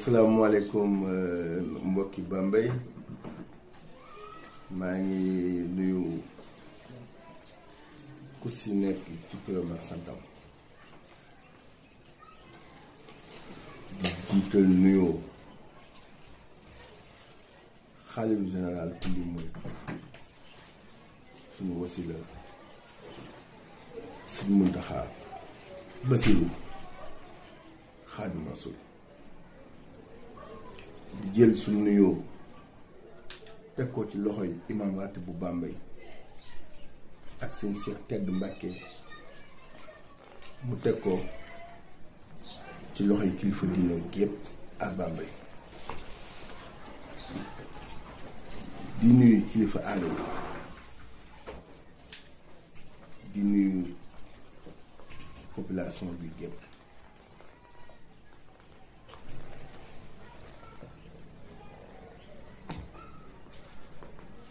salaamaaleykum euh, mbokki Bambey maa ngi nuyu ku si nekk ci turam ak santam di jiital nuyoo xalifu général kulli murit suñu wasila suñu muntaxaa basiru xaadimu rasuul di jël su nuyoo teg ko ci loxoy imaam ratib bu Bambey ak seen Cheikh Tedd Mbàkke mu teg ko ci loxoy kilifa diine gépp ak Bambey di nuyu kilifa aada yi di nuyu population bi gépp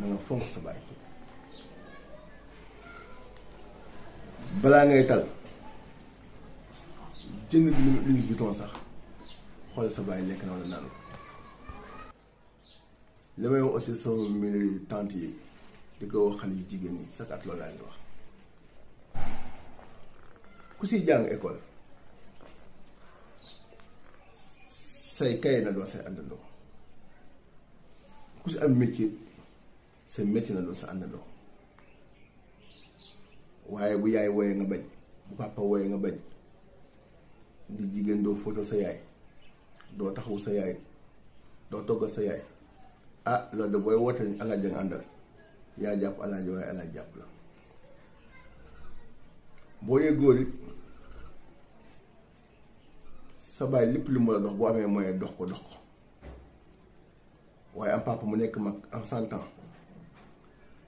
na nga fonk sa baay balaa ngay tal jënd Louis Vuitton sax xool sa baay lekk na wala naan li may wax aussi sama mbiru yi di ko wax xale yu jigéen ñi chaque at loolu laa ngi wax ku siy jàng école say kaye na doon say àndandoo ku si am métier. seen metti na loolu sa doo waaye bu yaay wooyee nga bañ bu papa wooyee nga bañ di jigéen doo fóotal sa yaay doo taxawu sa yaay doo toggal sa yaay ah loolu de booy woote ni alaaj nga àndal yaa jàpp alaaj waaye alaaj jàpp la boo dee góor sa baay lépp lu mu la dox boo amee moyen dox ko dox ko waaye am papa mu nekk mag en cent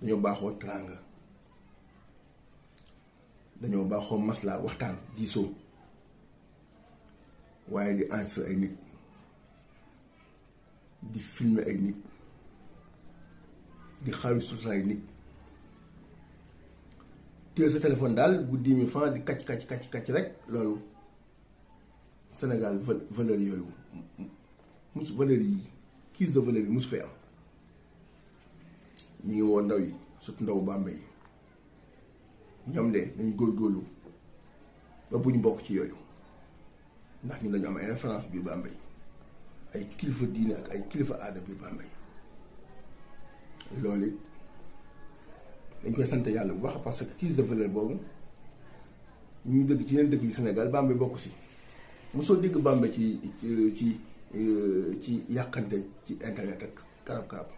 dañoo baaxoo teraanga dañoo baaxoo maslaa waxtaan diisoo waaye di enregistré ay nit di filmer ay nit di xawi sutura ay nit téye sa téléphone daal bu dix mille di kacc kacc kacc kacc rek loolu Sénégal valeur yooyu mus valeur yi kiis de valeur yi mus fay am ñu ngi woo ndaw yi surtout ndaw Bambey yi ñoom de góor góorgóorlu ba bu ñu bokk ci yooyu ndax ñu dañu am ay référence biir Bambey ay kilifa diine ak ay kilifa aada bi Bambey loolu dañ koy sant yàlla bu baax parce que kiis de valeur boobu ñu dëgg ci yeneen dëkk yi Sénégal Bambey bokk si mosoo dégg Bambey ci ci ci euh, yàqante ci internet ak karab-karab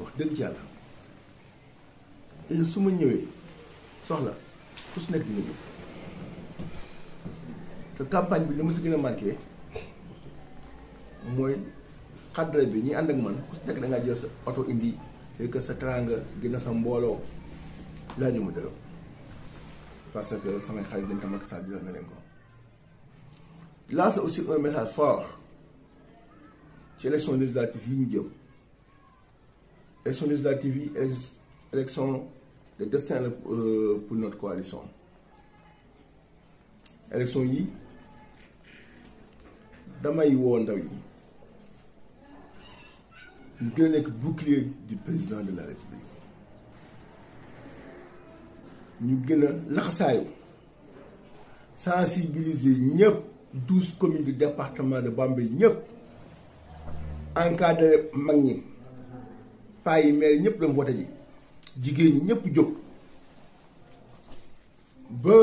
wax deug ci yàlla te su ma soxla ku su nekk dina jóg ta campagne bi lu ma si gën marqué moy xadra bi ñi and ak man ku si nekk da nga jël sa auto indi et que sa tranga gëna sa mbolo la ñu mu dërëm parce que sama xarit dañ ko mag sa jël na leen ko lancer aussi un message fort ci élection législative yi ñu jëm la TV législatives, élection de destin pour notre coalition élection yi damay woo ndaw yi ñu bouclier du président de la république nous avons a sensibiliser les 12 communes du département de Bambé. en cas de manier. paa yi maire ñëpp la mu voté ji jigéen ñi ñëpp jóg ba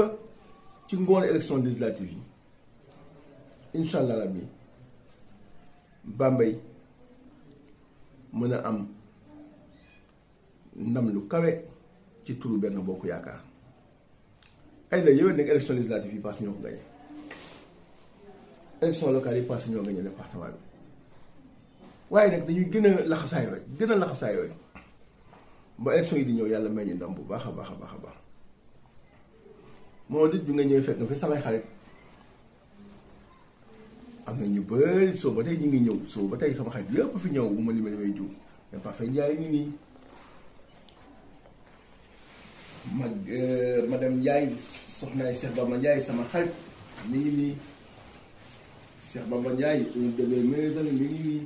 ci ngoon élection législative yi incha allah rabbi mën a am ndam lu kawe ci turu benn bokk yaakaar ay la yowee nekk élection législative yi passe ñoo ko gañe élection locale yi passe ñoo gañe département bi waaye nag dañuy gën a laxasaay rek gën a laxasaay rek ba élection yi di ñëw yàlla may ñu ndam bu baax a baax a baax a baax moo dit bi nga ñëwee fekk nga fi samay xarit am na ñu bëri soo ba tey ñu ngi ñëw soo ba tey sama xarit yëpp fi ñëw bu ma limee damay jiw mais parfait njaay ñu nii mag euh, madame Ndiaye soxnaay Cheikh Bamba Ndiaye sama xarit mi ngi nii Cheikh Bamba Ndiaye un de mes meilleurs amis mi ngi nii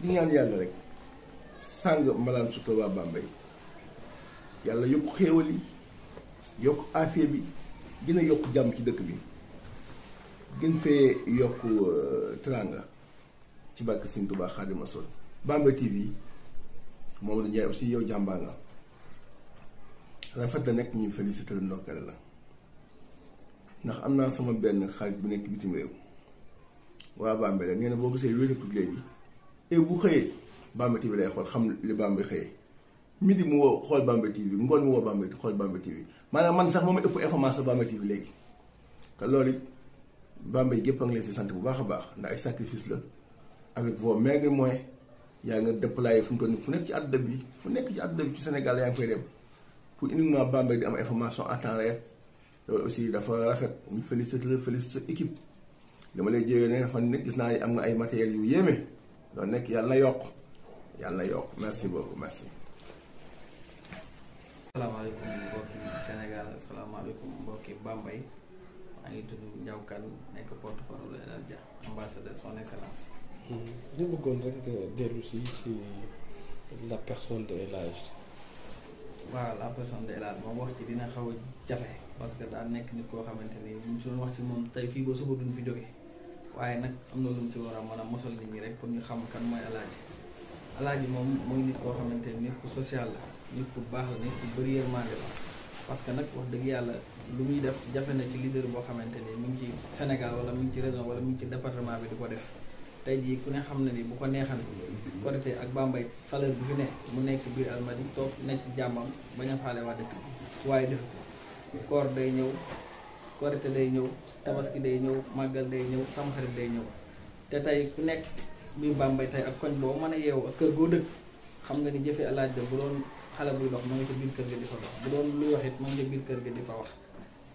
di ñaan yàlla rek sàng malaan sutura waa Bambey yàlla yokk xéewal yokk affaire bi gën a yokk jàmm ci dëkk bi gën fee yokk euh, teranga ci barke Sëñ Tuubaa Xaadimu Rasuul Bambey TV Mamadou Ndiaye aussi yow jàmbaa nga rafet la nekk ñu félicité la ndokkale la ndax am naa sama benn xarit bu nekk bitim réew waa Bambey la nee na boo gisee wératul léegi et bu xëyee Bambey TV lay xool xam li Bambey xëyee midi mu woo xool Bambey TV ngoon mu woo xool Bambey TV maanaam man sax moo ma ëpp information Bambey TV léegi te loolu it Bambey gépp a ngi leen si sant bu baax a baax ndax ay sacrifice la avec vos maigres moyens yaa nga déployé fu mu toll nii fu nekk ci àdduna bi fu nekk ci àdduna bi ci Sénégal yaa ngi koy dem pour uniquement Bambey di am information en temps loolu aussi dafa rafet ñu félicite la félicite sa équipe dama lay jéwee ne dafa nekk gis naa am nga ay matériels yu yéeme. loolu nekk de na y a merci beaucoup merci. alaykoum Sénégal salam alaykoum bambay mangi tudd Ndiaw porte parole de ambassadeur son excellence. ñu bëggoon rek que ci la personne de l'âge? la personne de l'âge. je wax ci dina xaw parce que daa nekk nit koo xamante ni wax ci moom waaye nag am na lu mu ci war a mën a mosal nit ñi rek pour ñu xam kan mooy alaaji alaaji moom mooy nit koo xamante ni nit ku social la nit ku baax la nit ku bëri yërmande la parce que nag wax dëgg yàlla lu muy def jafe na ci leader boo xamante ni mu ngi ci Sénégal wala mu ngi ci région wala mu ngi ci département bi di ko def tey jii ku ne xam na nii bu ko neexan Korité ak Bambey salaire bi fi ne mu nekk biir Almadies toog nekk jàmmam bañ a faale waa dëkk waaye def korite day ñëw tabaski day ñëw màggal day ñëw tamxarit day ñëw te tey ku nekk biir Bambey tey ak koñ boo mën a yeewu ak kër goo dëkk xam nga ni jëfe alaaj de bu doon xale buy dox ma nga ca biir kër ga di fa wax it ma nga kër ga di fa wax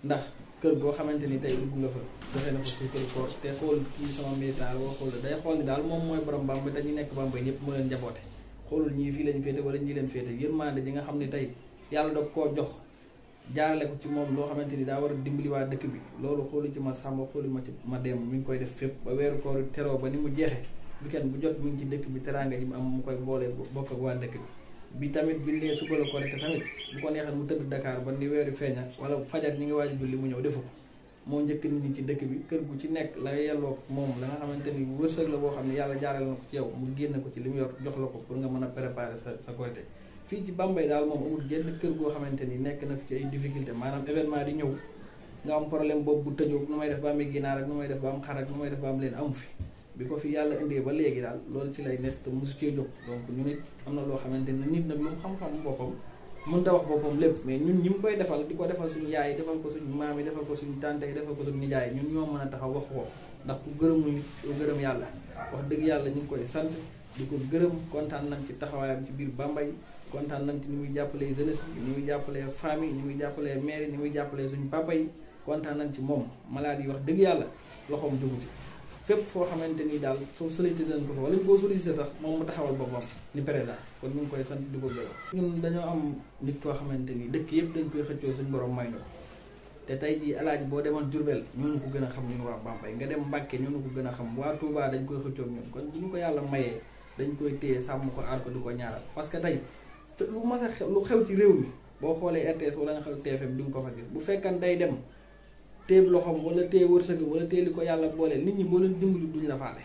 ndax kër goo xamante ni tey dugg nga fa joxe na fa suukar koor te xool kii sama militant wala xool day xool ni daal moom mooy borom Bambey te ñu nekk Bambey ñëpp moo leen njaboote xoolul ñii fii lañ féete wala ñii leen féete yërmande ji nga xam ne tey jaarale ko ci moom loo xamante ni daa war a dimbali waa dëkk bi loolu xoolu ci ma sàmba xoolu ma ci ma dem mi ngi koy def fépp ba weeru koor teroo ba ni mu bi weekend bu jot mi ngi ci dëkk bi teraanga ji am mu koy boolee bokk ak waa dëkk bi bi tamit bi nee suba la ko rek tamit bu ko neexal mu tëdd Dakar ba ni weeri feeña wala fajar ñi ngi waaj julli mu ñëw defu ko moo njëkk nit ñi ci dëkk bi kër gu ci nekk la nga yelloo moom la nga xamante ni wërsëg la boo xam ne yàlla jaarale na ko ci yow mu génn ko ci li mu yor jox la ko pour nga mën a préparer sa sa Korité fii ci Bambey daal moom amul genn kër goo xamante ni nekk na fi ci difficulté maanaam événement di ñëw nga am problème boobu bu nu may def ba amee ginaar ak nu may def ba am xar nu may def ba am leen amu fi bi ko fi yàlla indee ba léegi daal loolu ci lay nekk te mosu cee ñu nit am na loo xamante nit nag lu mu xam-xam boppam mën da wax boppam lépp mais ñun ñi mu koy defal di ko defal suñu yaay defal ko suñu maam yi defal ko suñu tante a taxaw kontaan nañ ci ni muy jàppalee jeunesse bi ni muy muy jàppalee maire ni muy jàppalee suñu papa kontaan nañ ci moom malade yi wax dëgg yàlla loxoom juguti fépp foo xamante ni daal soo sollicité nañ ko fa wala ñu koo sollicité sax moom mu taxawal boppam ni président kon ñu ngi koy sant di ko gërëm ñun dañoo am nit koo xamante ni dëkk yëpp dañ koy xëccoo suñu borom may na ko te tey jii boo demoon Diourbel ñoo ko gën a xam ñun waa Bambey nga dem Mbàkke ñoo ko gën a xam waa Touba dañ koy xëccoo ñun kon bu ñu ko yàlla mayee dañ koy téye sàmm ko aar ko di ko ñaaral parce que te lu mas a xew lu xew ci réew mi boo xoolee RTS wala nga xam TFM di mu ko fa gis bu fekkan day dem téeb loxoom wala téye wërsëgam wala téye li ko yàlla boole nit ñi boo leen dimbali duñ la faale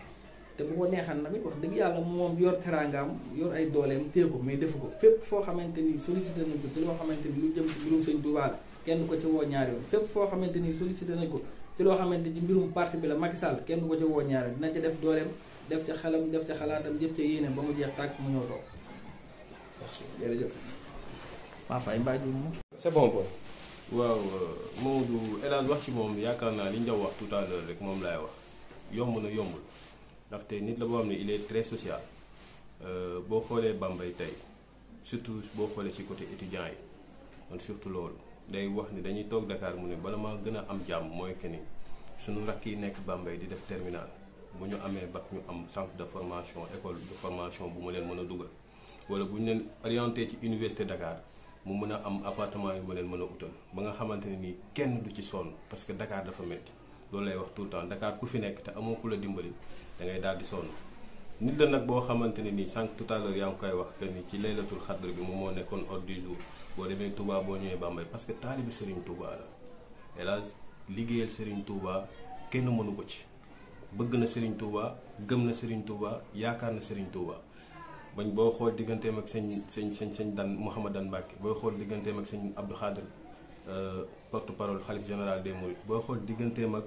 te bu ko neexan nag wax dëgg yàlla moom yor teraangaam yor ay dooleem téye ko mais defu ko fépp foo xamante ni sollicité nañ ko ci loo xamante jëm ci mbirum sëñ Tuubaa la kenn ko ci woo ñaari fépp foo xamante ni sollicité nañ ko ci loo xamante ni mbirum parti bi la Macky Sall kenn ko woo ñaari yoon dina ci def dooleem def ca xelam def ca xalaatam def ca yéene ba mu jeex tàkk mu ñëw merci jërëjëf. maa fay mbaa ji moom. c'est bon quoi. waaw euh, Maodo El Hadj wax ci moom yaakaar naa li Ndiaw wax tout à l'heure rek moom laay wax yomb na yombul ndaxte nit la boo xam ne il est très social euh, boo xoolee Bambey tey surtout boo xoolee ci côté étudiant yi man surtout loolu day wax ni dañuy toog Dakar mu ne bala maa gën a am jàmm mooy que ni suñu rakk yi nekk Bambey di def terminal bu ñu amee bac ñu am centre de formation école de formation bu ma leen mën a dugal. wala bu ñu leen orienté ci université Dakar mu mën a am appartement yu ma leen mën a utal ba nga xamante ne nii kenn du ci sonn parce que Dakar dafa metti loolu lay wax tout le temps Dakar ku fi nekk te amoo ku la dimbali da ngay daal di sonn nit la nag boo xamante ne nii sànq tout à yaa ngi koy wax que ni ci laylatul xadr bi moom moo nekkoon ordre du boo demee Touba boo ñëwee Bambey parce que taalibe Serigne Touba la hélas liggéeyal Serigne Touba kenn mënu ko ci bëgg na Serigne Touba gëm na Serigne Touba yaakaar na Serigne Touba. bañ boo xool digganteem ak sëñ sëñ sëñ sëñ dan Mouhamadan Mbacke booy xool digganteem ak sëñ Abdou Khadir euh, porte parole xalif général des Mourides booy xool digganteem ak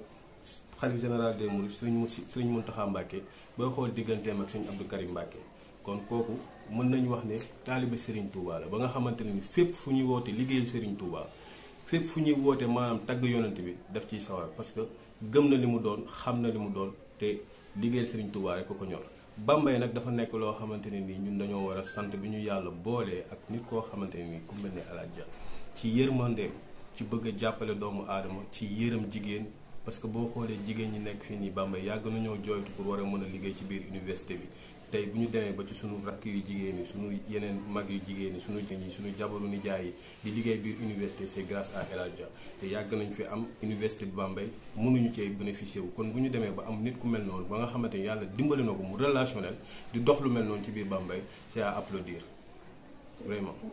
xalif général des Mourides sëriñ sëriñ Mountakha Mbacke booy xool digganteem ak sëñ Abdou Karim Mbacke kon kooku mën nañu wax ne taaliba Serigne Touba la ba nga xamante ne ni fépp fu ñuy woote liggéeyal Serigne Touba fépp fu ñuy woote maanaam tagg yonent bi def ciy sawar parce que gëm na li mu doon xam na li mu doon te liggéeyal Serigne Touba rek ko ko ñor. Bambey nag dafa nekk loo xamante ne nii ñun dañoo war a sant bi ñu yàlla boolee ak nit koo xamante ni nii ku mel ne Alaaji Dia ci yërmandeem ci bëgg jàppale doomu aadama ci yërëm jigéen parce que boo xoolee jigéen ñi nekk fii nii Bambey yàgg nañoo jooytu pour war a mën a liggéey ci biir université bi tey buñu démé ba ci suñu rakk yu jigéen yi suñu yeneen mag yu jigéen yi suñu jën yi sunu jabaru nijaay yi di liggéey biir université c'est grâce à El Hadj Dia te yàgg nañ fi am université bu Bambey mënuñu cee bénéficier wu kon bu ñu demee ba am nit ku mel noonu ba nga xamante ni yàlla dimbali na ko mu relationnel di dox lu mel noonu ci biir Bambey c'est à applaudir vraiment